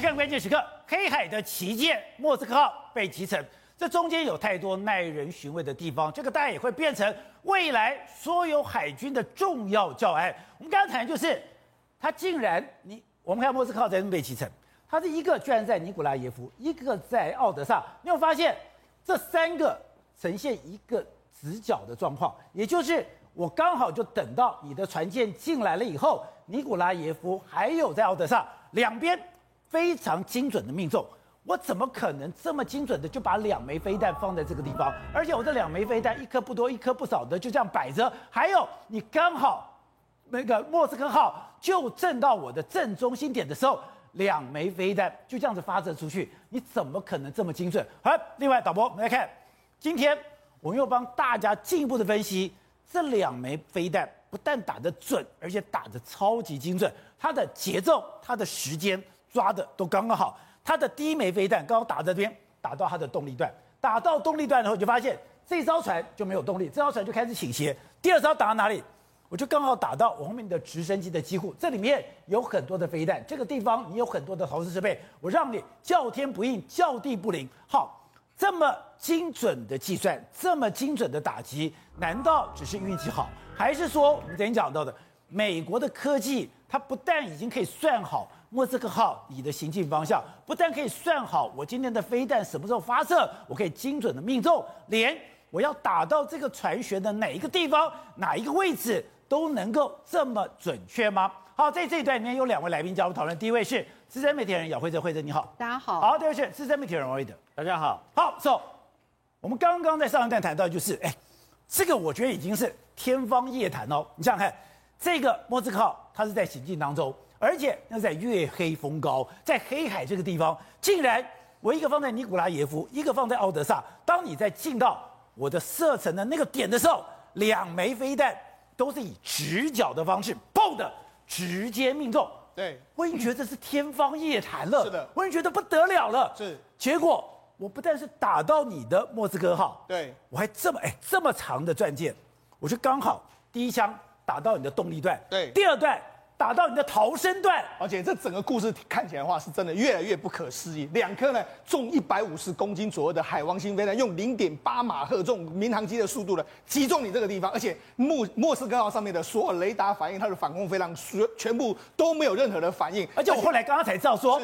看關鍵時刻，黑海的旗艦莫斯科號被擊沉，這中間有太多耐人尋味的地方。這個當然也會變成未來所有海軍的重要教案。我們剛才就是，他竟然你我們看莫斯科號在那邊被擊沉，他是一個居然在尼古拉耶夫，一個在奧德薩。你有發現這三個呈現一個直角的狀況，也就是我剛好就等到你的船艦進來了以後，尼古拉耶夫還有在奧德薩兩邊。非常精準的命中，我怎麼可能這麼精準的就把兩枚飛彈放在這個地方？而且我這兩枚飛彈一顆不多，一顆不少的就這樣擺着。還有你剛好那個莫斯科號就正到我的正中心點的時候，兩枚飛彈就這樣子發射出去，你怎麼可能這麼精準？好，另外導播我們來看，今天我們又幫大家進一步的分析這兩枚飛彈，不但打得準，而且打得超級精準，它的節奏，它的時間。抓的都剛剛好，它的第一枚飛彈剛好打在這邊，打到它的動力段，打到動力段之後你就發現這艘船就沒有動力，這艘船就開始傾斜。第二艘打到哪裡？我就剛好打到我後面的直升機的機庫，這裡面有很多的飛彈，這個地方你有很多的陶瓷設備，我讓你叫天不應，叫地不靈。好，這麼精準的計算，這麼精準的打擊，難道只是運氣好，還是說我們之前講到的美國的科技，它不但已經可以算好？莫斯科號，你的行進方向不但可以算好我今天的飛彈什麼時候發射，我可以精準的命中，連我要打到這個船舷的哪一個地方、哪一個位置都能夠這麼準確嗎？好，在這一段裡面有兩位來賓加入討論。第一位是資深媒體人姚慧珍，慧珍。你好，大家好好，第二位是資深媒體人王瑞德，大家好好。走、so，我們剛剛在上一段談到的就是，哎，這個我覺得已經是天方夜譚哦。你想想看，這個莫斯科號它是在行進當中。而且那在月黑風高，在黑海這個地方，竟然我一個放在尼古拉耶夫，一個放在奧德薩。當你在進到我的射程的那個點的時候，兩枚飛彈都是以直角的方式，砰的直接命中。對，我已經覺得是天方夜譚了。是的，我已經覺得不得了了。是，結果我不但是打到你的莫斯科號，對我還這麼哎這麼長的戰艦，我就剛好第一槍打到你的動力段，對，第二段，打到你的逃生段，而且這整個故事看起來的話，是真的越來越不可思議。兩顆呢，重一百五十公斤左右的海王星飛彈，用零點八馬赫這種民航機的速度呢，擊中你這個地方，而且莫莫斯科號上面的所有雷達反應，它的防空飛彈全全部都沒有任何的反應。而且我後來剛剛才知道說，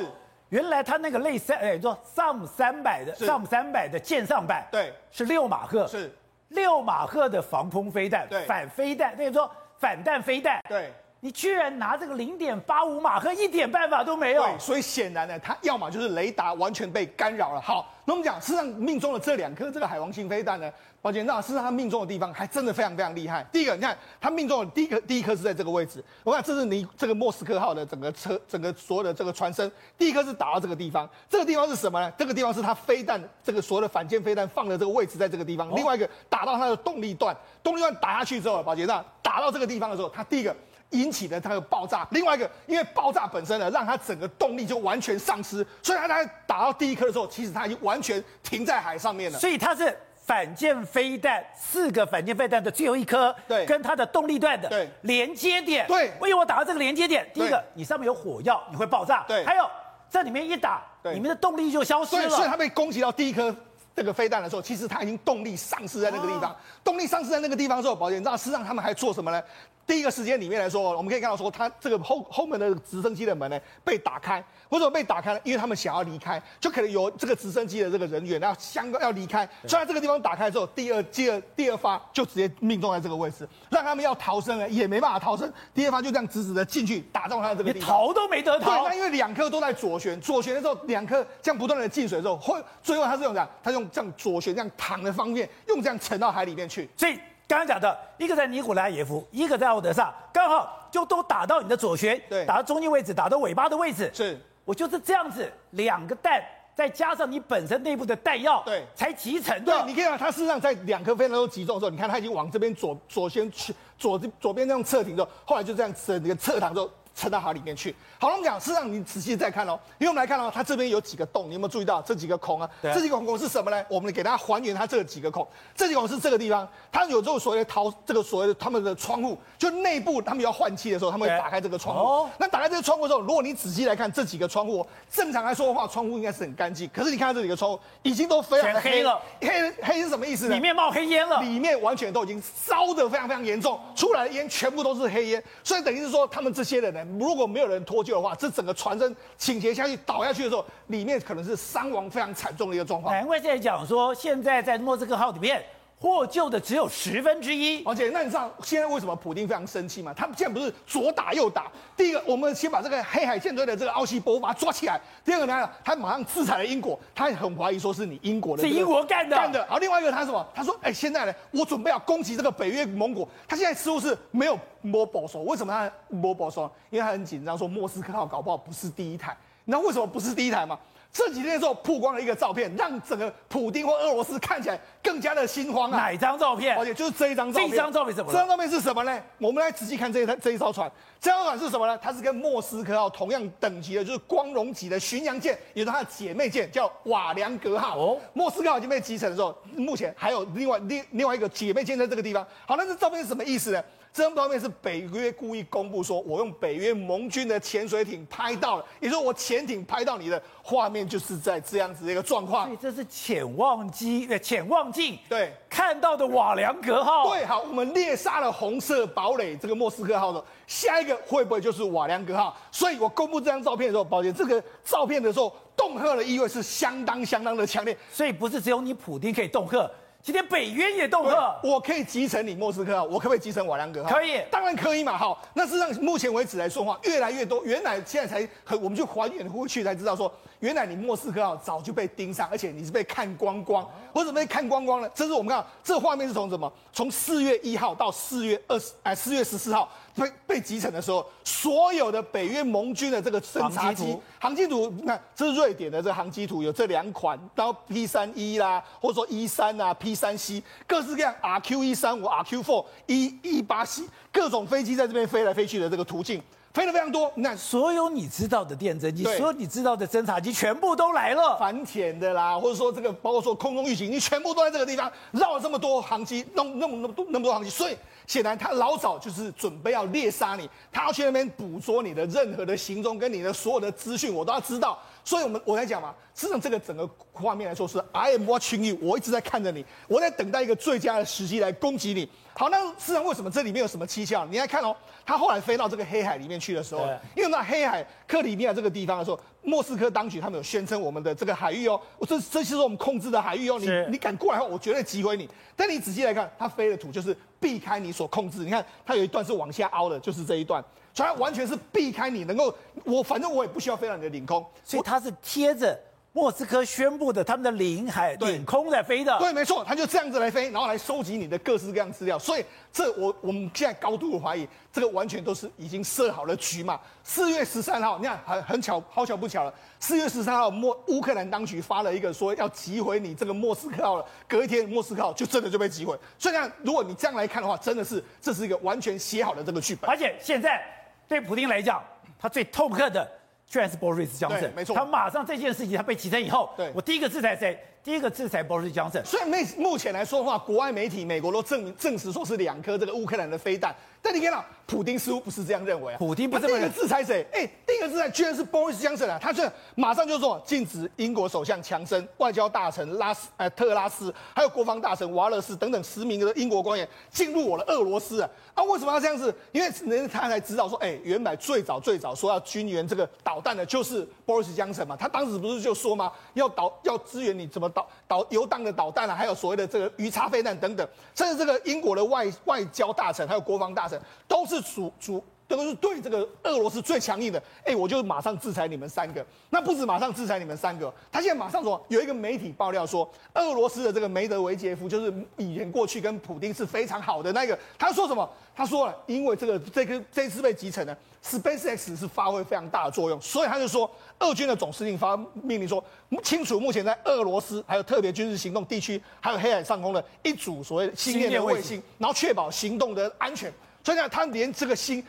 原來它那個類三，哎，說薩姆三百的薩姆三百的艦上版，對，是六馬赫，是六馬赫的防空飛彈，反飛彈，等於說反彈飛彈，對。你居然拿這個零點八五馬赫一點辦法都沒有，對，所以顯然呢，它要麼就是雷達完全被干擾了。好，那我們講，事實上命中的這兩顆這個海王星飛彈呢，寶傑，那事實上它命中的地方還真的非常非常厲害。第一個，你看它命中的第一個第一顆是在這個位置，我看這是你這個莫斯科號的整個車整個所有的這個船身，第一顆是打到這個地方，這個地方是什麼呢？這個地方是它飛彈這個所有的反艦飛彈放的這個位置在這個地方。哦，另外一個打到它的動力段，動力段打下去之後，寶傑，那打到這個地方的時候，它第一個。引起的它的爆炸，另外一個，因為爆炸本身呢，讓它整個動力就完全喪失，所以它在打到第一顆的時候，其實它已經完全停在海上面了。所以它是反艦飛彈，四個反艦飛彈的最後一顆，對，跟它的動力段的連接點，對，因為我打到這個連接點，第一個，你上面有火藥，你會爆炸，對，還有這裡面一打，你們的動力就消失了、啊。啊、所以，它被攻擊到第一顆這個飛彈的時候，其實它已經動力喪失在那個地方，動力喪失在那個地方之後，寶傑，你知道，那事實上他們還做什麼呢？第一個時間裡面來說，我們可以看到說，他這個後後門的直升機的門呢、欸、被打開，為什麼被打開呢？因為他們想要離開，就可能有這個直升機的這個人員要相關，要離開。雖然這個地方打開之後，第二第二第二發就直接命中在這個位置，讓他們要逃生呢也沒辦法逃生，第二發就這樣直直的進去打中他的這個地方，你逃都沒得逃。對，那因為兩顆都在左旋，左旋的時候兩顆這樣不斷的進水之後，後最後他是用這樣，他用這樣左旋這樣躺的方便，用這樣沉到海裡面去。所以剛剛講的一個在尼古拉耶夫，一個在奧德薩，剛好就都打到你的左舷，對，打到中間位置，打到尾巴的位置。是，我就是這樣子，兩個彈再加上你本身內部的彈藥，對，才集成的。對，你可以講，它身上在兩顆非常多集中的時候，你看它已經往這邊左左舷去，左左邊這樣側停之後，後來就這樣子一個側躺之後。沉到海裡面去。好，我們講是讓你仔細再看哦。因為我們來看哦，它這邊有幾個洞，你有沒有注意到這幾個孔啊？對啊，這幾個孔是什麼呢？我們給大家還原它這幾個孔。這幾個孔是這個地方，它有這種所謂的掏，這個所謂的他們的窗戶，就內部他們要換氣的時候，他們會打開這個窗戶。對那打開這個窗戶之後，如果你仔細來看這幾個窗戶，正常來說的話，窗戶應該是很乾淨。可是你看到這幾個窗戶已經都非常黑，黑了，黑黑，黑是什麼意思呢？裡面冒黑煙了，裡面完全都已經燒得非常非常嚴重，出來的煙全部都是黑煙，所以等於是說他們這些人呢。如果沒有人脫臼的話，這整個船身傾斜下去倒下去的時候，裡面可能是傷亡非常慘重的一個狀況。難怪現在講說，現在在莫斯科號裡面。獲救的只有十分之一，而且，那你知道現在為什麼普丁非常生氣嗎？他現在不是左打右打，第一個，我們先把這個黑海艦隊的這個奧西波夫把他抓起來；第二個呢，他馬上制裁了英國，他很懷疑說是你英國的，的，是英國幹的。幹的。好，另外一個他什麼？他說，哎、欸，現在呢，我準備要攻擊這個北約盟國，他現在似乎是沒有摸保守。為什麼他摸保守呢？因為他很緊張，說莫斯科號搞不好不是第一台。你知道為什麼不是第一台嗎？這幾天的時候曝光了一個照片，讓整個普丁或俄羅斯看起來更加的心慌啊！哪一張照片？而且就是這一張照片。這張照片什麼？這張照片是什麼呢？我們來仔細看這一、這一艘船。這艘船是什麼呢？它是跟莫斯科號同樣等級的，就是光榮級的巡洋艦，也就是它的姐妹艦，叫瓦良格號。哦，莫斯科號已經被擊沉的時候，目前還有另外另另外一個姐妹艦在這個地方。好，那這照片是什麼意思呢？這張照片是北約故意公布，說我用北約盟軍的潛水艇拍到了，你說我潛艇拍到你的畫面，就是在這樣子的一個狀況。所以這是潛望機、潛望鏡對？看到的瓦良格號。對。對，好，我們獵殺了紅色堡壘這個莫斯科號的。下一個會不會就是瓦良格號？所以我公布這張照片的時候，抱歉，這個照片的時候恫嚇的意味是相當相當的強烈，所以不是只有你普丁可以恫嚇。今天北約也動了，我可以擊沉你莫斯科，我可不可以擊沉瓦良格？可以，當然可以嘛。好，那事實上目前為止來說的話越來越多，原來現在才很，我們就還原過去才知道說。原來你莫斯科早就被盯上，而且你是被看光光。為什麼被看光光呢？這是我們看到，這畫面是從什麼？從四月一號到四月二十，哎，四月十四號被被擊沉的時候，所有的北約盟軍的這個偵察機、航機圖，圖，你看，這是瑞典的這個航機圖，有這兩款，然後 P 三一啦，或者說 E 三啊，P 三 C，各式各樣，RQ 一三五、RQ 四、5, 4, E 一八 C，各種飛機在這邊飛來飛去的這個途徑。飛了非常多，那所有你知道的電偵機對，所有你知道的偵察機全部都來了，反潛的啦，或者說這個，包括說空中預警，你全部都在這個地方繞了這麼多航機，弄那麼那麼多那麼多航機，所以顯然他老早就是準備要獵殺你，他要去那邊捕捉你的任何的行蹤跟你的所有的資訊，我都要知道。所以我們我在講嘛，事實上這個整個畫面來說是，I am watching you，我一直在看着你，我在等待一個最佳的時機來攻擊你。好，那事實，為什麼這裡面有什麼蹊蹺？你來看哦，他後來飛到這個黑海裡面去的時候，啊、因為那黑海克里米亞這個地方的時候，莫斯科當局他們有宣稱我們的這個海域哦，我這這就是我們控制的海域哦，是你你敢過來的話，我絕對擊毀你。但你仔細來看，他飛的圖就是避開你所控制，你看它有一段是往下凹的，就是這一段，所以它完全是避開你能，能夠我反正我也不需要飛到你的領空，所以它是貼着。莫斯科宣布的，他們的領海、對領空在飛的，對，沒錯，他就這樣子來飛，然後來收集你的各式各樣資料。所以這我我們現在高度的懷疑，這個完全都是已經設好了局嘛。四月十三號，你看很很巧，好巧不巧了。四月十三號，莫烏克蘭當局發了一個說要擊毀你這個莫斯科號了，隔一天莫斯科號就真的就被擊毀。所以呢，如果你這樣來看的話，真的是這是一個完全寫好的這個劇本。而且現在對普丁來講，他最痛恨的。居然是 Boris 強生，沒錯。他馬上這件事情他被提審以後，對我第一個制裁是誰？第一個制裁鮑里斯強森，雖然沒目前來說的話，國外媒體美國都證明證實說是兩顆這個烏克蘭的飛彈，但你看到，普丁似乎不是這樣認為、啊、普丁不這麼認為、啊。第一個制裁誰？哎、欸，第一個制裁居然是鮑里斯強森啊！他居然馬上就說禁止英國首相強森、外交大臣拉斯、呃、啊、特拉斯，還有國防大臣瓦勒斯等等十名的英國官員進入我的俄羅斯啊！啊，為什麼要這樣子？因為人他才知道說，哎、欸，原來最早最早說要軍援這個導彈的就是鮑里斯強森嘛，他當時不是就說嗎？要導要支援你怎麼？導導遊蕩的導彈啊，還有所謂的這個魚叉飛彈等等，甚至這個英國的外外交大臣還有國防大臣，都是主主都、就是對這個俄羅斯最強硬的。哎、欸，我就馬上制裁你們三個。那不止馬上制裁你們三個，他現在馬上說，有一個媒體爆料說，俄羅斯的這個梅德韋傑夫就是以前過去跟普丁是非常好的那個，他說什麼？他說了，因為這個這個這次被擊沉呢，SpaceX 是發揮非常大的作用，所以他就說。俄軍的總司令發命令說：“清楚，目前在俄羅斯、還有特別軍事行動地區、還有黑海上空的一組所謂的星鏈衛星，然後確保行動的安全。所以呢，他連這個星，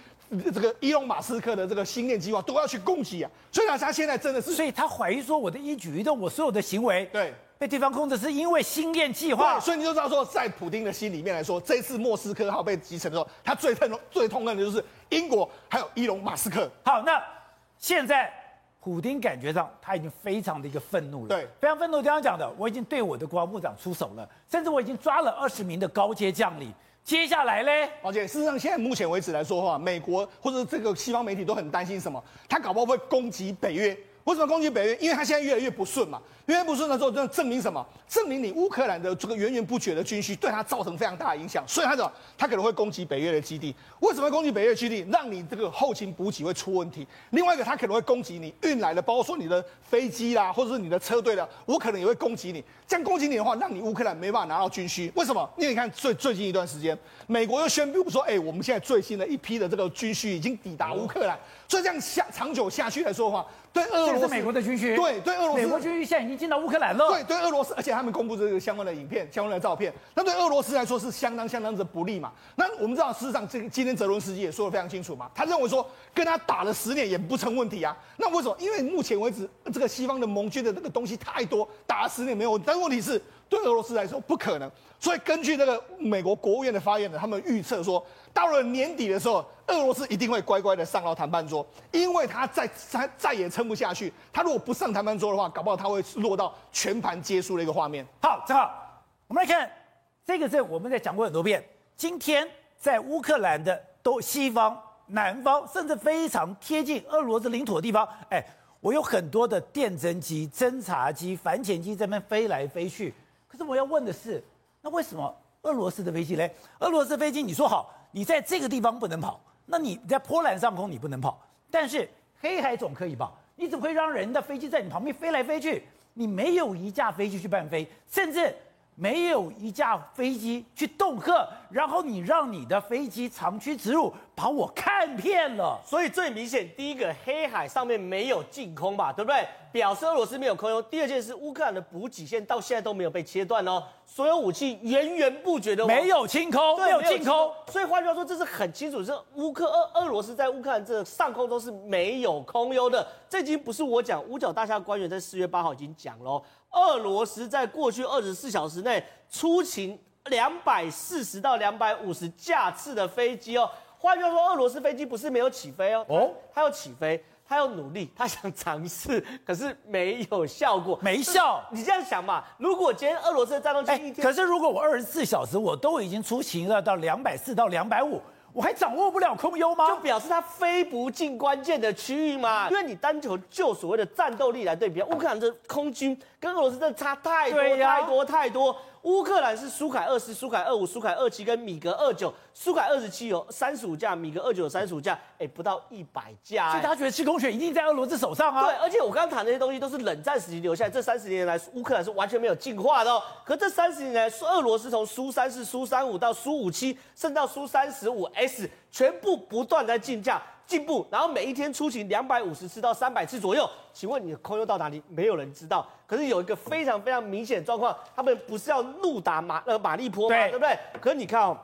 這個伊隆馬斯克的這個星鏈計劃都要去攻擊啊！所以呢，他現在真的是，所以他懷疑說我的一舉一動，我所有的行為，對，被對方控制，是因為星鏈計劃。所以你就知道說，在普丁的心裡面來說，這一次莫斯科號被擊沉的時候，他最痛最痛恨的就是英國，還有伊隆馬斯克。好，那現在。”普丁感覺上他已經非常的一個憤怒了，對，非常憤怒。剛剛講的，我已經對我的國防部長出手了，甚至我已經抓了二十名的高階將領。接下來呢？而且事實上，現在目前為止來說的話，美國或者這個西方媒體都很擔心什麼？他搞不好會攻擊北約。為什麼攻擊北約？因為他現在越來越不順嘛。越來越不順的時候，就證明什麼？證明你烏克蘭的這個源源不絕的軍需對他造成非常大的影響。所以他怎麼？他可能會攻擊北約的基地。為什麼要攻擊北約基地？讓你這個後勤補給會出問題？另外一個，他可能會攻擊你運來的，包括說你的飛機啦，或者是你的車隊啦，我可能也會攻擊你。這樣攻擊你的話，讓你烏克蘭沒辦法拿到軍需。為什麼？因為你看最最近一段時間，美國又宣布說，哎、欸，我們現在最新的一批的這個軍需已經抵達烏克蘭。哦、所以這樣下長久下去來說的話，對俄羅斯，這是美國的軍需，對對俄羅斯美國軍需現在已經進到烏克蘭了。對對俄羅斯，而且他們公布這個相關的影片、相關的照片，那對俄羅斯來說是相當相當的不利嘛。那我們知道，事實上這今天。澤倫斯基也說得非常清楚嘛，他認為說跟他打了十年也不成問題啊，那為什麼？因為目前為止，這個西方的盟軍的那個東西太多，打了十年沒有。但問題是，對俄羅斯來說不可能。所以根據那個美國國務院的發言呢，他們預測說，到了年底的時候，俄羅斯一定會乖乖的上到談判桌，因為他再再再也撐不下去。他如果不上談判桌的話，搞不好他會落到全盤皆輸的一個畫面。好，正好我們來看這個事，我們在講過很多遍，今天。在烏克蘭的都西方南方，甚至非常貼近俄羅斯領土的地方，哎，我有很多的電偵機、偵察機、反潛機在那邊飛來飛去。可是我要問的是，那為什麼俄羅斯的飛機嘞？俄羅斯飛機，你說好，你在這個地方不能跑，那你在波蘭上空你不能跑，但是黑海總可以吧。你怎麼會讓人的飛機在你旁邊飛來飛去？你沒有一架飛機去伴飛，甚至。沒有一架飛機去恫嚇，然後你讓你的飛機長驅直入。把我看騙了，所以最明顯，第一個黑海上面沒有淨空吧，對不對？表示俄羅斯沒有空優。第二件事烏克蘭的補給線到現在都沒有被切斷哦，所有武器源源不絕的。沒有淨空，沒有淨空。空所以換句話說，這是很清楚，是烏克俄俄羅斯在烏克蘭這上空都是沒有空優的。這已經不是我講，五角大廈官員在四月八號已經講咯、哦。俄羅斯在過去二十四小時內出勤兩百四十到兩百五十架次的飛機哦。換句話說，俄羅斯飛機不是沒有起飛哦，哦，它要起飛，它要努力，它想嘗試，可是沒有效果，沒效。你這樣想嘛。如果今天俄羅斯的戰鬥機一天、欸，可是如果我二十四小時我都已經出勤了到兩百四到兩百五，我還掌握不了空優嗎？就表示它飛不進關鍵的區域嘛。因為你單從就所謂的戰鬥力來對比，烏克蘭的空軍跟俄羅斯真的差太多太多、啊、太多。烏克蘭是蘇凱二四、蘇凱二五、蘇凱二七跟米格二九。蘇愷二十七有三十五架，米格二九有三十五架，誒、欸、不到一百架，欸，所以他覺得制空權一定在俄羅斯手上嗎、啊？對，而且我剛剛談的那些東西都是冷戰時期留下來，這三十年來烏克蘭是完全沒有進化的哦。可這三十年來，俄羅斯從蘇三四蘇三五到蘇五七，甚至到蘇三十五 S，全部不斷在進價進步，然後每一天出勤兩百五十次到三百次左右。請問你的空優到哪裡？沒有人知道。可是有一個非常非常明顯的狀況，他們不是要怒打馬呃馬利波嗎？對，對不對？可是你看哦。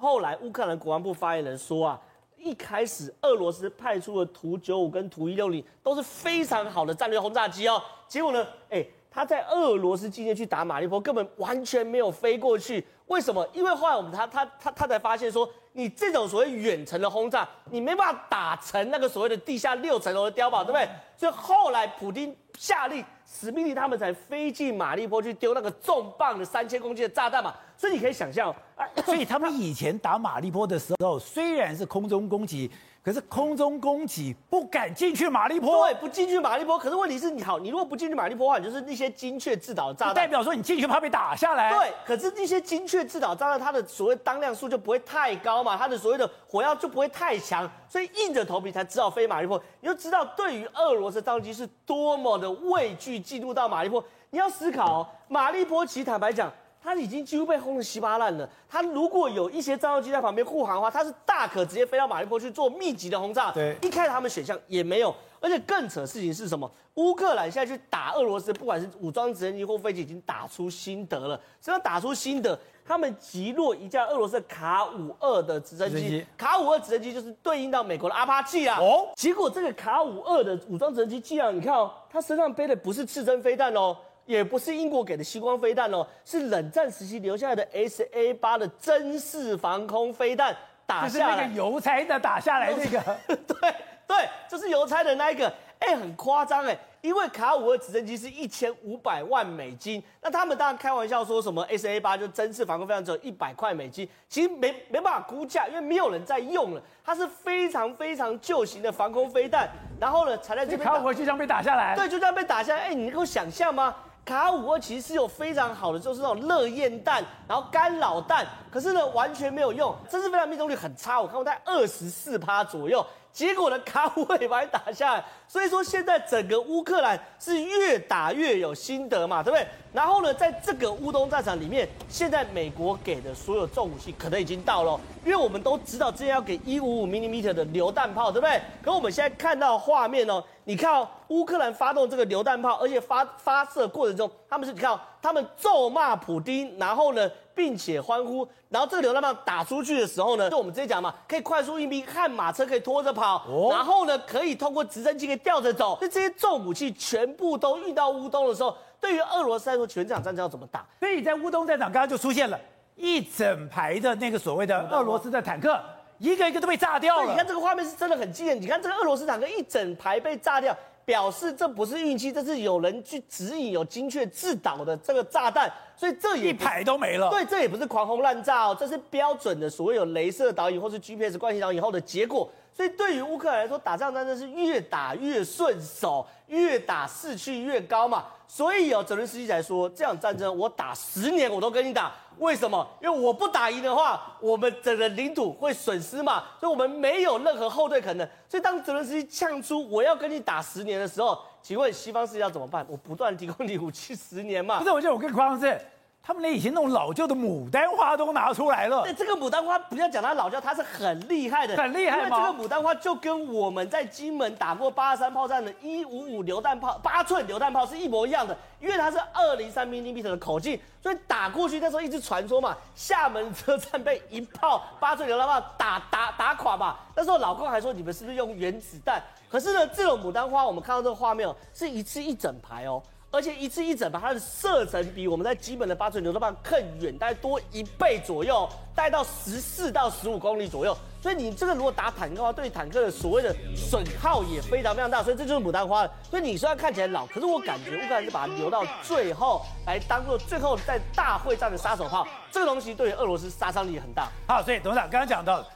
後來烏克蘭國防部發言人說啊，一開始俄羅斯派出的圖九五跟圖一六零都是非常好的戰略轟炸機哦，結果呢，哎，他在俄羅斯境內去打馬利波，根本完全沒有飛過去。為什麼？因為後來我們他他他他才發現說，你這種所謂遠程的轟炸，你沒辦法打成那個所謂的地下六層樓的碉堡，對不對？所以後來普丁下令。史密利他們才飛進馬利波去丟那個重磅的三千公斤的炸彈嘛，所以你可以想象，哎，所以他們以前打馬利波的時候，雖然是空中攻擊，可是空中攻擊不敢進去馬利波，對，不進去馬利波。可是問題是，你好，你如果不進去馬利波的話，你就是那些精確制導炸彈，代表說你進去怕被打下來。對，可是那些精確制導炸彈，它的所謂當量數就不會太高嘛，它的所謂的火藥就不會太強。所以硬着頭皮才知道飛馬利波，你就知道對於俄羅斯的戰鬥機是多麼的畏懼。進入到馬利波，你要思考、哦，馬利波其實坦白講，它已經幾乎被轟得稀巴爛了。它如果有一些戰鬥機在旁邊護航的話，它是大可直接飛到馬利波去做密集的轟炸。對，一開始他們選項也沒有。而且更扯的事情是什麼？烏克蘭現在去打俄羅斯，不管是武裝直升機或飛機，已經打出心得了。只要打出心得，他們擊落一架俄羅斯的卡五二的直升機。升卡五二直升機就是對應到美國的阿帕奇啊。哦。結果這個卡五二的武裝直升機，既然你看哦，它身上背的不是刺針飛彈哦，也不是英國給的激光飛彈哦，是冷戰時期留下來的 S A 八的針式防空飛彈打下來。就是那個猶太的打下來那、這個。 對。對，這、就是郵差的那一個，哎，很誇張哎，因為卡五二直升機是一千五百萬美金，那他們當然開玩笑說什麼 SA 八就真是防空飛彈只有一百塊美金，其實沒沒辦法估價，因為沒有人在用了，它是非常非常舊型的防空飛彈，然後呢才在這邊卡五二機槍被打下來，對，就這樣被打下來，哎，你能夠想象嗎？卡五二其實是有非常好的，就是那種熱焰彈，然後干擾彈，可是呢完全沒有用，這次飛彈命中率很差，我看過在二十四趴左右。結果呢，卡五也把你打下來，所以說現在整個烏克蘭是越打越有心得嘛，對不對？然後呢，在這個烏東戰場裡面，現在美國給的所有重武器可能已經到了，因為我們都知道，之前要給一五五毫米的榴彈炮，對不對？可是我們現在看到的畫面呢。你看哦，烏克蘭發動這個榴彈炮，而且發發射過程中，他們是你看、哦，他們咒罵普丁，然後呢，並且歡呼，然後這個榴彈炮打出去的時候呢，就我們之前講嘛，可以快速運兵，悍馬車可以拖着跑，哦、然後呢，可以通過直升機可以吊着走，所以這些重武器全部都運到烏東的時候，對於俄羅斯來說，全場戰爭要怎麼打？所以你在烏東戰場剛剛就出現了一整排的那個所謂的俄羅斯的坦克。嗯一個一個都被炸掉了，你看這個畫面是真的很驚人。你看這個俄羅斯坦克一整排被炸掉，表示這不是運氣，這是有人去指引、有精確制導的這個炸彈。所以這也一排都沒了。對，這也不是狂轟濫炸，哦，這是標準的所謂有鐳射導引或是 GPS 慣性導引後的結果。所以對於烏克蘭來說，打仗真的是越打越順手，越打士氣越高嘛。所以有澤倫斯基才說，這場戰爭我打十年我都跟你打。為什麼？因為我不打贏的話，我們整個領土會損失嘛，所以我們沒有任何後退可能。所以當澤倫斯基嗆出我要跟你打十年的時候，請問西方世界要怎麼辦？我不斷提供你武器十年嘛？不是，我就我跟你誇的是。他們連以前那種老舊的牡丹花都拿出來了。那這個牡丹花不要講它老舊，它是很厲害的，很厲害的。因為這個牡丹花就跟我們在金門打過八三炮戰的一五五榴彈炮八寸榴彈炮是一模一樣的，因為它是二零三毫米的口徑，所以打過去，那時候一直傳說嘛，廈門車站被一炮八寸榴彈炮打打打垮嘛。那時候老共還說，你們是不是用原子彈？可是呢，這種牡丹花我們看到這個畫面哦，是一次一整排哦。而且一次一整把它的射程比我們在基本的八吋榴彈砲更遠，大概多一倍左右，帶到十四到十五公里左右。所以你這個如果打坦克的話，對坦克的所謂的損耗也非常非常大。所以這就是牡丹花。所以你雖然看起來老，可是我感覺烏克蘭是把它留到最後，來當做最後在大會戰的殺手炮。這個東西對於俄羅斯殺傷力很大。好，所以董事長剛剛講到，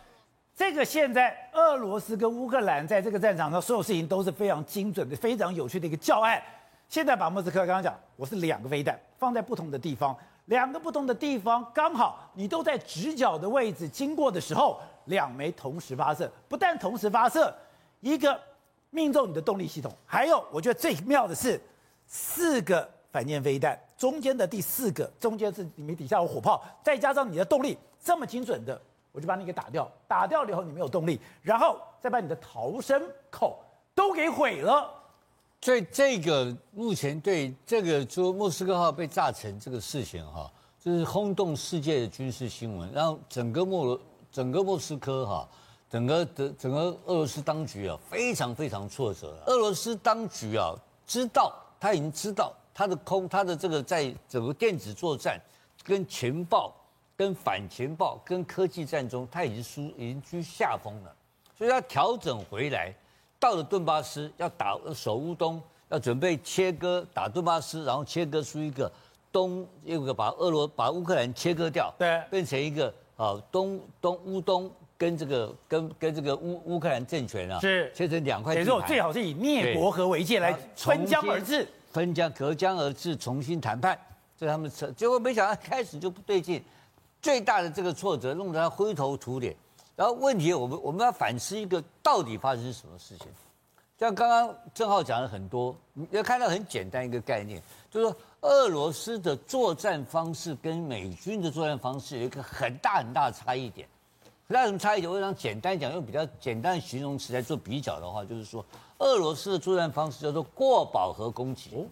這個現在俄羅斯跟烏克蘭在這個戰場上，所有事情都是非常精準的，非常有趣的一個教案。現在把莫斯科剛剛講，我是兩個飛彈放在不同的地方，兩個不同的地方剛好你都在直角的位置經過的時候，兩枚同時發射，不但同時發射，一個命中你的動力系統，還有我覺得最妙的是四個反艦飛彈中間的第四個中間是裡面底下有火炮，再加上你的動力這麼精準的，我就把你給打掉，打掉了以後你沒有動力，然後再把你的逃生口都給毀了。所以這個目前對這個就莫斯科號被炸沉這個事情哈、啊，就是轟動世界的軍事新聞，讓整個莫羅、整個莫斯科哈、啊、整個的整個俄羅斯當局啊，非常非常挫折。俄羅斯當局啊，知道他已經知道他的空、他的這個在整個電子作戰、跟情報、跟反情報、跟科技戰中，他已經輸、已經居下風了，所以他調整回來。到了頓巴斯要打守烏東，要準備切割打頓巴斯，然後切割出一個東，又個把俄羅把烏克蘭切割掉，對，變成一個啊東東烏東跟這個跟跟這個烏烏克蘭政權啊，是切成兩塊。也就最好是以聶伯河為界對來分江而治，啊、分江隔江而治，重新談判。所以他們成結果沒想到開始就不對勁，最大的這個挫折弄得他灰頭土臉。然後問題，我們我們要反思一個到底發生什麼事情。像剛剛正皓講了很多，你要看到很簡單一個概念，就是說俄羅斯的作戰方式跟美軍的作戰方式有一個很大很大的差異點。很大很差異點，我想簡單講用比較簡單的形容詞來做比較的話，就是說俄羅斯的作戰方式叫做過飽和攻擊。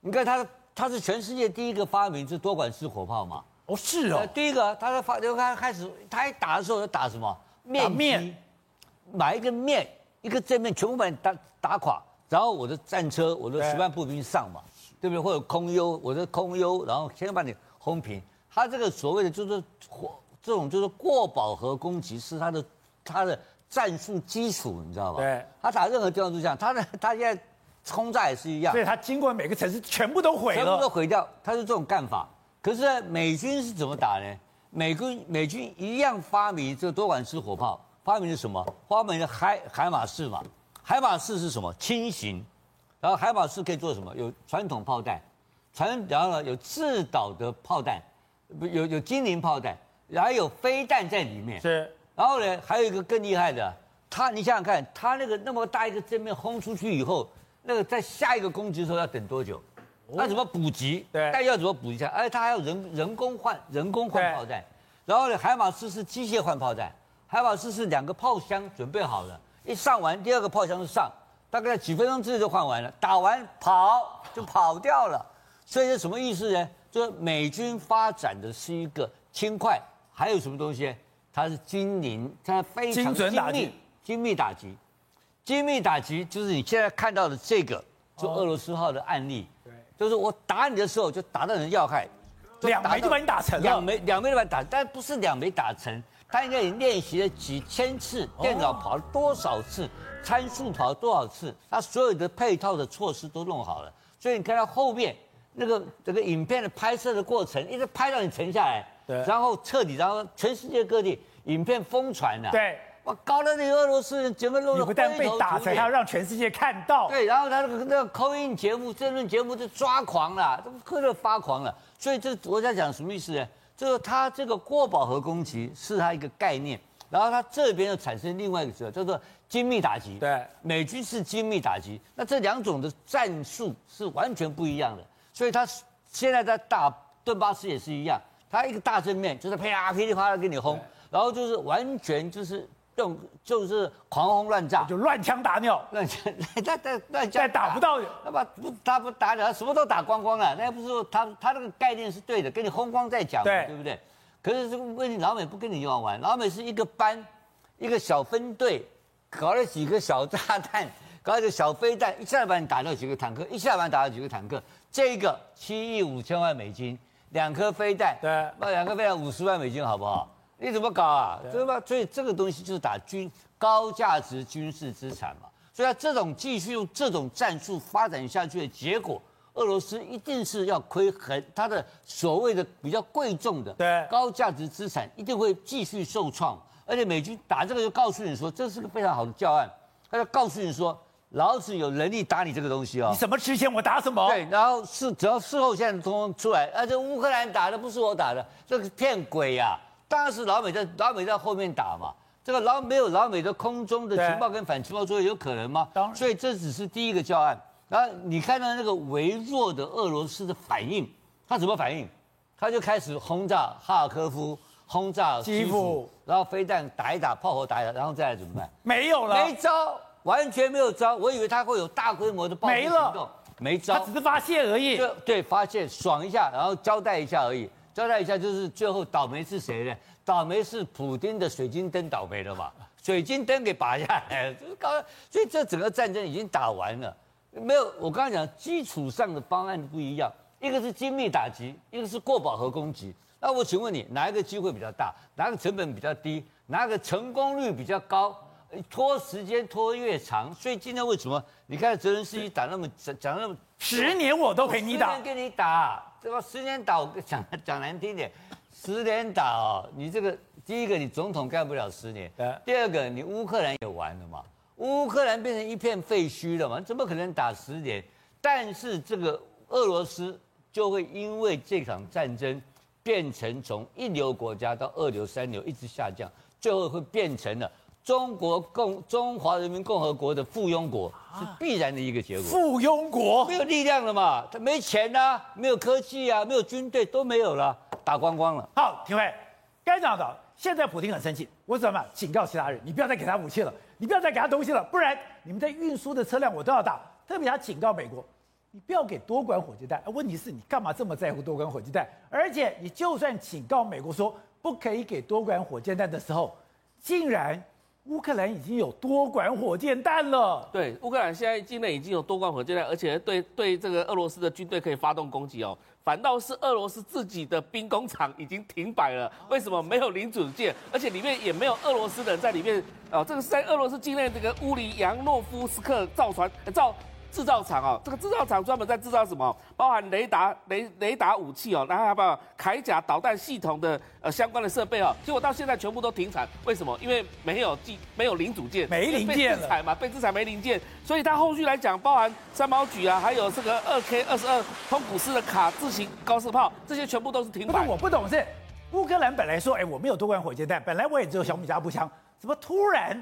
你看他他是全世界第一個發明這多管式火炮嘛。哦，是啊。第一個，他發他開始他一打的時候要打什麼？面面，買一個面，一個正面全部把你打打垮，然後我的戰車，我的十萬步兵上嘛，對,對不對？或者空優，我的空優，然後先把你轟平。他這個所謂的就是這種就是過飽和攻擊是他的他的戰術基礎，你知道吧？對，他打任何地方都是這樣。他的他現在轟炸也是一樣，所以他經過每個城市全部都毀了，全部都毀掉，他是這種幹法。可是美軍是怎麼打呢？美國美軍一樣發明這多管式火炮。發明是什麼？發明的海海馬斯嘛。海馬斯是什麼？輕型，然後海馬斯可以做什麼？有傳統炮彈，傳然後呢，有制導的炮彈，有有精靈炮彈，然後有飛彈在裡面。是，然後呢還有一個更厲害的，他你想想看，他那個那麼大一個正面轟出去以後，那個在下一個攻擊的時候要等多久？那怎麼補給？但對要怎麼補一下？它還要人人工換人工換炮彈，對然後呢，海馬斯是機械換炮彈，海馬斯是兩個炮箱準備好的，一上完第二個炮箱就上，大概幾分鐘之內就換完了，打完跑就跑掉了。所以是什麼意思呢？就是美軍發展的是一個輕快，還有什麼東西？它是精靈它非常精密。精，精密打擊，精密打擊就是你現在看到的這個就俄羅斯號的案例。哦，就是我打你的時候就打到人要害，兩枚就把你打沉了。兩枚，兩枚就把你打，但不是兩枚打沉，他應該也練習了幾千次，電腦跑了多少次，哦、參數跑了多少次，他所有的配套的措施都弄好了。所以你看到後面那個這個影片，的拍攝的過程，一直拍到你沉下來，對然後徹底，然後全世界各地影片瘋傳了、啊。對。我搞得了那俄羅斯節目錄的，落了頭，你不但被打還要讓全世界看到。對，然後他那個對那個 call in 節目、爭論節目就抓狂了，個磕得發狂了。所以這我在講什麼意思呢？就是他這個過飽和攻擊是他一個概念，然後他這邊又產生另外一個詞，叫做精密打擊。對，美軍是精密打擊，那這兩種的戰術是完全不一樣的。所以他現在在打頓巴斯也是一樣，他一個大正面就是啪啪噼里啪啦，啪啦給你轟，對然後就是完全就是。這種就是狂轟亂炸，就亂槍打鳥，亂槍，那那亂槍打不到，那麼不他不打鳥，他什麼都打光光了啊。那不是說他他這個概念是對的，跟你轟光在講，對不對？對 可是這個問題老美不跟你一樣玩，老美是一個班，一個小分隊，搞了幾個小炸彈，搞幾個小飛彈，一下把你打掉幾個坦克，一下把你打掉幾個坦克。這個七億五千萬美金，兩顆飛彈，對，那兩顆飛彈五十萬美金，好不好？你怎麼搞啊？對吧對所以這個東西就是打軍高價值軍事資產嘛。所以他這種繼續用這種戰術發展下去的結果，俄羅斯一定是要虧很他的所謂的比較貴重的高價值資產一定會繼續受創。對而且美軍打這個就告訴你說，這是個非常好的教案。他就告訴你說，老子有能力打你這個東西哦。你什麼出現，我打什麼。對，然後事只要事後現在通通出來，而、啊、這烏克蘭打的不是我打的，這個騙鬼呀、啊！當然是老美在老美在後面打嘛，這個老沒有老美的空中的情報跟反情報作業，有可能嗎？當然。所以這只是第一個教案。然後你看到那個微弱的俄羅斯的反應，他怎麼反應？他就開始轟炸哈爾科夫，轟炸基輔，然後飛彈打一打，炮火打一打，然後再來怎麼辦？沒有了，沒招，完全沒有招。我以為他會有大規模的報復行動，沒招，他只是發泄而已。對，發泄爽一下，然後交代一下而已。交代一下，就是最後倒霉是誰呢？倒霉是普丁的水晶燈倒霉了吧？水晶燈給拔下來了，就是、搞所以這整個戰爭已經打完了，沒有我剛剛講基礎上的方案不一樣，一個是精密打擊，一個是過飽和攻擊。那我請問你，哪一個機會比較大？哪個成本比較低？哪個成功率比較高？拖時間拖越長，所以今天為什麼？你看澤連斯基打那麼講講那麼十年，我都陪你打。十年給你打。這個十年打，我講講難聽點，十年打，你這個，第一個你總統幹不了十年，第二個你烏克蘭也完了嘛，烏克蘭變成一片廢墟了嘛，怎麼可能打十年？但是這個俄羅斯就會因為這場戰爭，變成從一流國家到二流、三流一直下降，最後會變成了。中國共，中華人民共和國的附庸國是必然的一個結果。附庸國沒有力量了嘛？他沒錢吶、啊，沒有科技啊，沒有軍隊都沒有了，打光光了。好，廷輝，該講搞？現在普京很生氣，我怎麼警告其他人？你不要再給他武器了，你不要再給他東西了，不然你們在運輸的車輛我都要打。特別他警告美國，你不要給多管火箭彈。問題是，你幹嘛這麼在乎多管火箭彈？而且你就算警告美國說不可以給多管火箭彈的時候，竟然。烏克蘭已經有多管火箭彈了。對，烏克蘭現在境內已經有多管火箭彈，而且對對這個俄羅斯的軍隊可以發動攻擊哦。反倒是俄羅斯自己的兵工廠已經停擺了，為什麼？沒有零組件，而且裡面也沒有俄羅斯的人在裡面。哦，這個在俄羅斯境內這個烏里揚諾夫斯克造船造。製造廠哦，這個製造廠專門在製造什麼？包含雷達、雷雷達武器哦，然後還有鎧甲、導彈系統的呃相關的設備哦，結果到現在全部都停產，為什麼？因為沒有機，沒有零組件。沒零件。被制裁嘛？被制裁沒零件，所以它後續來講，包含山毛櫸啊，還有這個二 K 二十二通古斯的卡自行高射炮，這些全部都是停。那我不懂是，烏克蘭本來說，哎、欸，我沒有多管火箭彈，本來我也只有小米加步槍，怎麼突然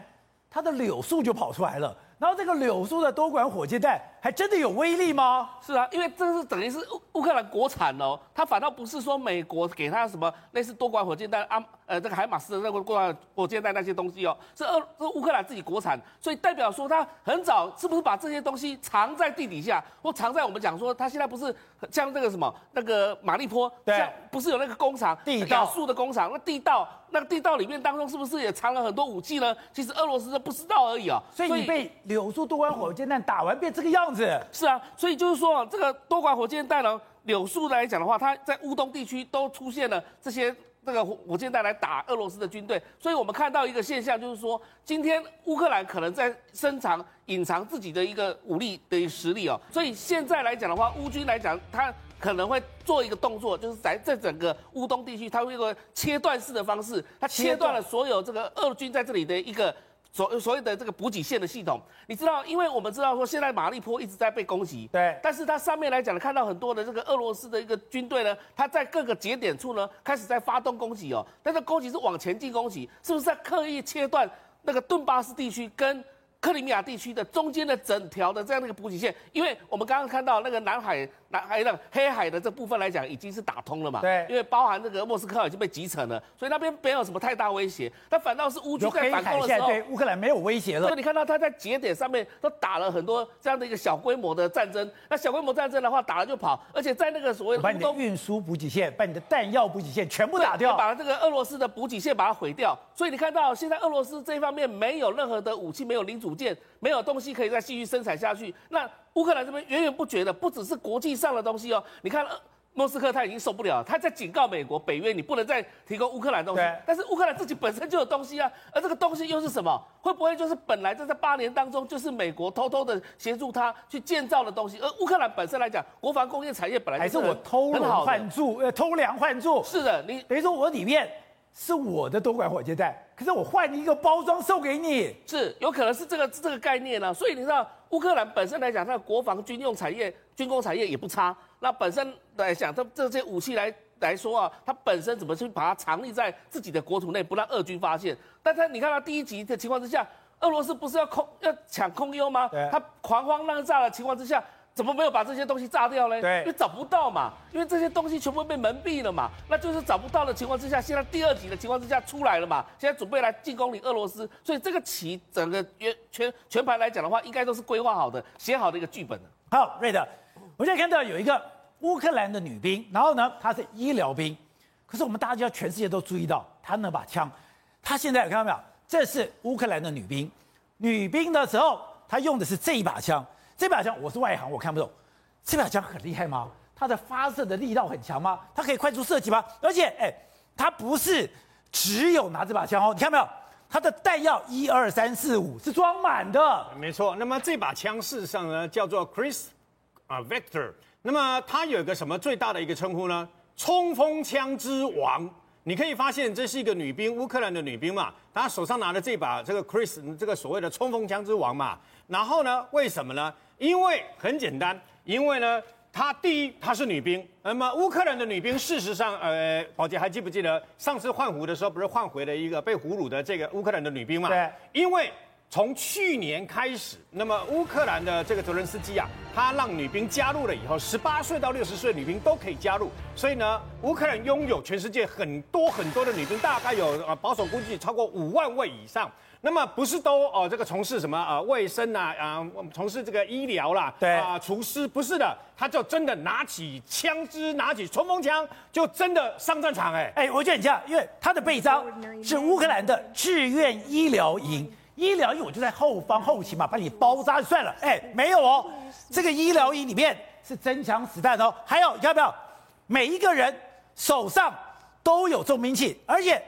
他的柳樹就跑出來了？然後這個柳樹的多管火箭彈。還真的有威力嗎？是啊，因為這是等於是烏烏克蘭國產哦，他反倒不是說美國給他什麼類似多管火箭彈啊，呃，這個海馬斯的那個多管火箭彈那些東西哦，是俄是烏克蘭自己國產，所以代表說他很早是不是把這些東西藏在地底下，或藏在我們講說他現在不是像那個什麼那個馬利波，對，像不是有那個工廠、地道、亞速的工廠，那地道那個地道裡面當中是不是也藏了很多武器呢？其實俄羅斯都不知道而已哦。所以你被柳樹多管火箭彈打完變這個樣。是啊，所以就是說、啊，這個多管火箭彈呢、啊，柳樹來講的話，它在烏東地區都出現了這些這個火箭彈來打俄羅斯的軍隊，所以我們看到一個現象，就是說，今天烏克蘭可能在深藏隱藏自己的一個武力的實力哦，所以現在來講的話，烏軍來講，他可能會做一個動作，就是在這整個烏東地區，它會用一個切斷式的方式，它切斷了所有這個俄軍在這裡的一個，所所謂的這個補給線的系統，你知道，因為我們知道說現在馬利波一直在被攻擊，對。但是它上面來講，看到很多的這個俄羅斯的一個軍隊呢，它在各個節點處呢開始在發動攻擊哦。但是攻擊是往前進攻擊，是不是在刻意切斷那個頓巴斯地區跟克里米亞地區的中間的整條的這樣的一個補給線？因為我們剛剛看到那個南海。那還有那個黑海的這部分來講，已經是打通了嘛？對，因為包含這個莫斯科已經被擊沉了，所以那邊沒有什麼太大威脅。但反倒是烏軍在反攻的時候，烏克蘭沒有威脅了。所以你看到他在節點上面都打了很多這樣的一個小規模的戰爭。那小規模戰爭的話，打了就跑，而且在那個所謂的移動運輸補給線，把你的彈藥補給線全部打掉，把這個俄羅斯的補給線把它毀掉。所以你看到現在俄羅斯這一方面沒有任何的武器，沒有零組件，沒有東西可以再繼續生產下去。那烏克蘭這邊源源不絕的，不只是國際上的東西哦。你看，呃，莫斯科他已經受不了了，他在警告美國、北約，你不能再提供烏克蘭東西。對但是烏克蘭自己本身就有東西啊，而這個東西又是什麼？會不會就是本來在這八年當中，就是美國偷偷的協助他去建造的東西？而烏克蘭本身來講，國防工業產業本來就是還是我偷梁換柱，偷梁換柱。是的，你比如說我裡面是我的多管火箭彈。是我換一個包裝送給你是，是有可能是這個這個概念呢、啊。所以你知道，烏克蘭本身來講，它的國防軍用產業、軍工產業也不差。那本身來講，它這些武器來來說啊，它本身怎麼去把它藏匿在自己的國土內，不讓俄軍發現？但是你看，它第一集的情況之下，俄羅斯不是要空要搶空優嗎？對它狂轟濫炸的情況之下。怎麼沒有把這些東西炸掉呢？對，因為找不到嘛，因為這些東西全部被蒙蔽了嘛。那就是找不到的情況之下，現在第二集的情況之下出來了嘛。現在準備來進攻你俄羅斯，所以這個棋整個全全盤來講的話，應該都是規劃好的、寫好的一個劇本的。好，瑞德，我現在看到有一個烏克蘭的女兵，然後呢，她是醫療兵，可是我們大家全世界都注意到她那把槍，她現在看到沒有？這是烏克蘭的女兵，女兵的時候她用的是這一把槍。這把槍我是外行，我看不懂。這把槍很厲害嗎？它的發射的力道很強嗎？它可以快速射擊嗎？而且，哎，它不是只有拿這把槍哦，你看到沒有？它的彈藥一二三四五是裝滿的。沒錯。那麼這把槍事實上呢叫做 Chris，啊，Vector。那麼它有一個什麼最大的一個稱呼呢？衝鋒槍之王。你可以發現這是一個女兵，烏克蘭的女兵嘛，她手上拿的這把這個 Chris 這個所謂的衝鋒槍之王嘛。然後呢，為什麼呢？因為很簡單，因為呢，她第一她是女兵，那麼烏克蘭的女兵，事實上，呃，寶傑還記不記得上次換俘的時候，不是換回了一個被俘虜的這個烏克蘭的女兵嘛？對。因為從去年開始，那麼烏克蘭的這個澤連斯基啊，他讓女兵加入了以後，十八歲到六十歲的女兵都可以加入，所以呢，烏克蘭擁有全世界很多很多的女兵，大概有呃保守估計超過五萬位以上。那麼不是都哦，呃，這個從事什麼呃衛生吶啊，我，呃，們從事這個醫療啦，對啊，呃，廚師不是的，他就真的拿起槍支，拿起衝鋒槍，就真的上戰場哎、欸、哎，我覺得你這樣，因為他的臂章是烏克蘭的志願醫療營，醫療營我就在後方後勤嘛，把你包紮就算了，哎，沒有哦，對這個醫療營裡面是真槍實彈哦，還有要不要？每一個人手上都有重兵器，而且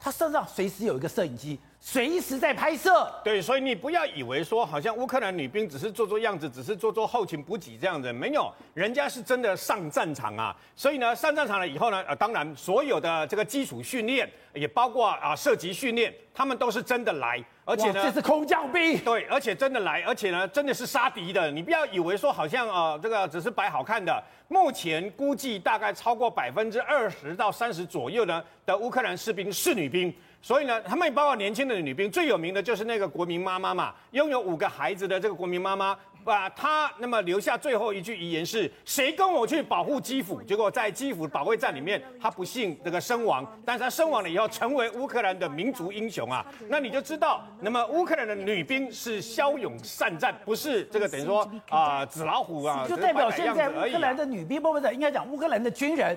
他身上隨時有一個攝影機。隨時在拍攝，對，所以你不要以為說好像烏克蘭女兵只是做做樣子，只是做做後勤補給這樣子，沒有，人家是真的上戰場啊。所以呢，上戰場了以後呢，呃，當然所有的這個基礎訓練，也包括啊射擊訓練，他們都是真的來，而且這是空降兵，對，而且真的來，而且呢，真的是殺敵的。你不要以為說好像啊，呃，這個只是擺好看的。目前估計大概超過百分之二十到三十左右呢的烏克蘭士兵是女兵。所以呢，他們也包括年輕的女兵，最有名的就是那個國民媽媽嘛，擁有五個孩子的這個國民媽媽，把、啊、她那麼留下最後一句遺言是：誰跟我去保護基輔？結果在基輔保衛戰裡面，她不幸這個身亡。但是她身亡了以後，成為烏克蘭的民族英雄啊。那你就知道，那麼烏克蘭的女兵是驍勇善戰，不是這個等於說啊紙、呃、老虎啊，就代表現在烏克蘭的女兵，啊，或者應該講烏克蘭的軍人。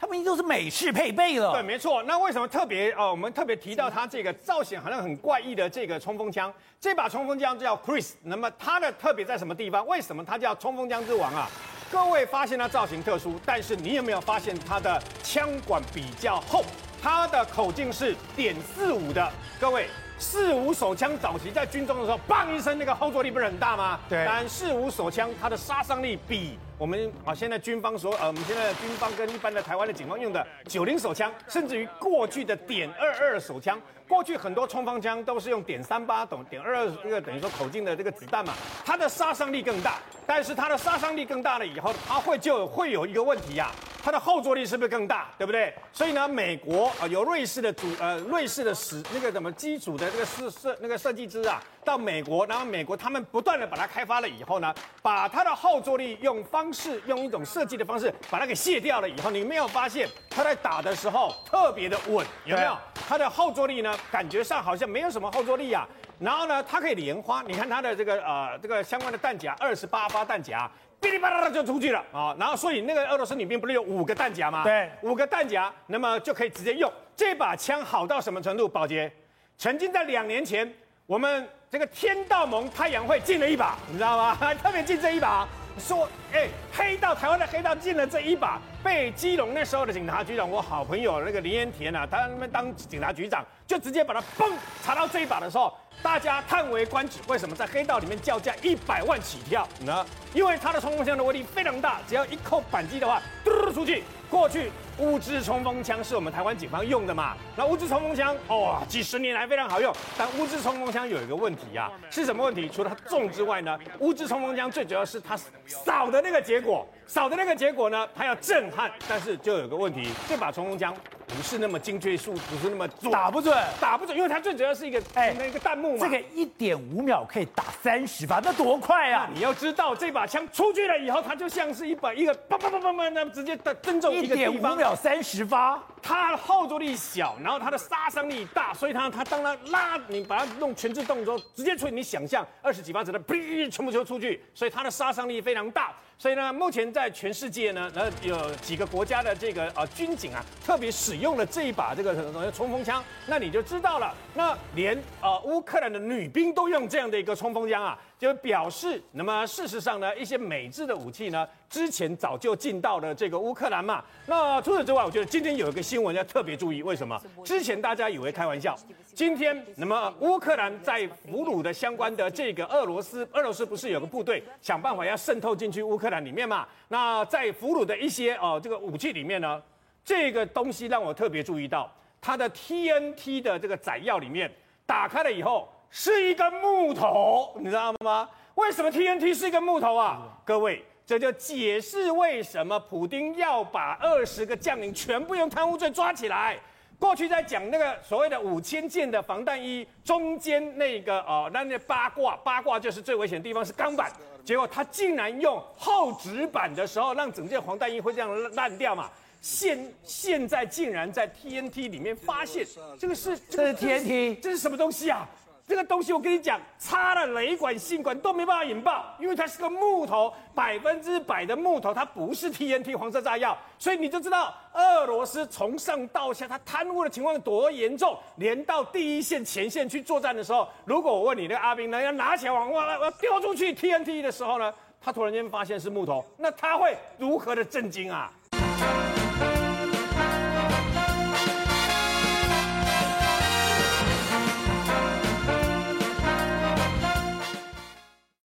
他們畢竟是美式配備了，對，沒錯。那為什麼特別？呃，我們特別提到它這個造型好像很怪異的這個衝鋒槍，這把衝鋒槍叫 Chris。那麼它的特別在什麼地方？為什麼它叫衝鋒槍之王啊？各位發現它造型特殊，但是你有沒有發現它的槍管比較厚？它的口徑是點四五的。各位，四五手槍早期在軍中的時候，砰一聲，那個後坐力不是很大嗎？對。但四五手槍它的殺傷力比。我們啊，現在軍方說，呃，我們現在軍方跟一般的台灣的警方用的九零手槍，甚至於過去的點二二手槍。過去很多衝鋒槍都是用點三八等點二二那個等於說口徑的這個子彈嘛，它的殺傷力更大，但是它的殺傷力更大了以後，它會就會有一個問題呀、啊，它的後坐力是不是更大，對不對？所以呢，美國啊，由、呃、瑞士的主呃瑞士的設那個什麼基礎的這個設設那個設計師啊，到美國，然後美國他們不斷的把它開發了以後呢，把它的後坐力用方式用一種設計的方式把它給卸掉了以後，你沒有發現它在打的時候特別的穩，有沒有？它的後坐力呢？感覺上好像沒有什麼後坐力啊。然後呢，它可以連發，你看它的這個呃這個相關的彈夾，二十八發彈夾，噼裡啪啦的就出去了啊，然後所以那個俄羅斯女兵不是有五個彈夾嗎？對，五個彈夾，那麼就可以直接用這把槍好到什麼程度？寶傑曾經在兩年前，我們這個天道盟太陽會進了一把，你知道嗎？特別進這一把。說，哎、欸，黑道台灣的黑道進了這一把，被基隆那時候的警察局長，我好朋友那個林添田啊，他們當警察局長，就直接把他嘣查到這一把的時候。大家嘆為觀止，為什麼在黑道裡面叫價一百萬起跳呢？因為它的衝鋒槍的威力非常大，只要一扣扳機的話，嘟嘟出去。過去烏茲衝鋒槍是我們台灣警方用的嘛？那烏茲衝鋒槍，哇、哦，幾十年來非常好用。但烏茲衝鋒槍有一個問題啊，是什麼問題？除了它重之外呢？烏茲衝鋒槍最主要是它掃的那個結果，掃的那個結果呢，它要震撼。但是就有個問題，這把衝鋒槍。不是那麼精確，數不是那麼準，打不準，打不準，因為它最主要是一個、欸、一個彈幕嘛。這個一點五秒可以打三十發，那多快啊！你要知道，這把槍出去了以後，它就像是一把一個叭叭叭叭那麼直接的正中一點五秒三十發，它的後坐力小，然後它的殺傷力大，所以它它當它拉你把它弄全自動之後，直接出去，你想象二十幾發子彈，砰全部就出去，所以它的殺傷力非常大。所以呢，目前在全世界呢，那有幾個國家的這個啊、呃、軍警啊，特別使用了這一把這個什麼、這個、衝鋒槍，那你就知道了。那連啊、呃、烏克蘭的女兵都用這樣的一個衝鋒槍啊。就表示，那麼事實上呢，一些美製的武器呢，之前早就進到了這個烏克蘭嘛。那除此之外，我覺得今天有一個新聞要特別注意，為什麼？之前大家以為開玩笑，今天那麼烏克蘭在俘虜的相關的這個俄羅斯，俄羅斯不是有個部隊想辦法要滲透進去烏克蘭裡面嘛？那在俘虜的一些哦、呃、這個武器裡面呢，這個東西讓我特別注意到，它的 TNT 的這個載藥裡面打開了以後，是一根木頭，你知道嗎？為什麼 TNT 是一根木頭啊？各位，這就解釋為什麼普丁要把二十個將領全部用貪污罪抓起來。過去在講那個所謂的五千件的防彈衣中間那個哦，那那八卦八卦就是最危險的地方是鋼板，結果他竟然用厚紙板的時候讓整件防彈衣會這樣爛掉嘛，現現在竟然在 TNT 裡面發現這個是，這個是 TNT，這是什麼東西啊？這個東西我跟你講，插了雷管、信管都沒辦法引爆，因為它是個木頭，百分之百的木頭，它不是 TNT 黃色炸藥，所以你就知道俄羅斯從上到下它貪污的情況多嚴重。連到第一線前線去作戰的時候，如果我問你那個阿兵呢，要拿起來往外要丟出去 TNT 的時候呢，他突然間發現是木頭，那他會如何的震驚啊？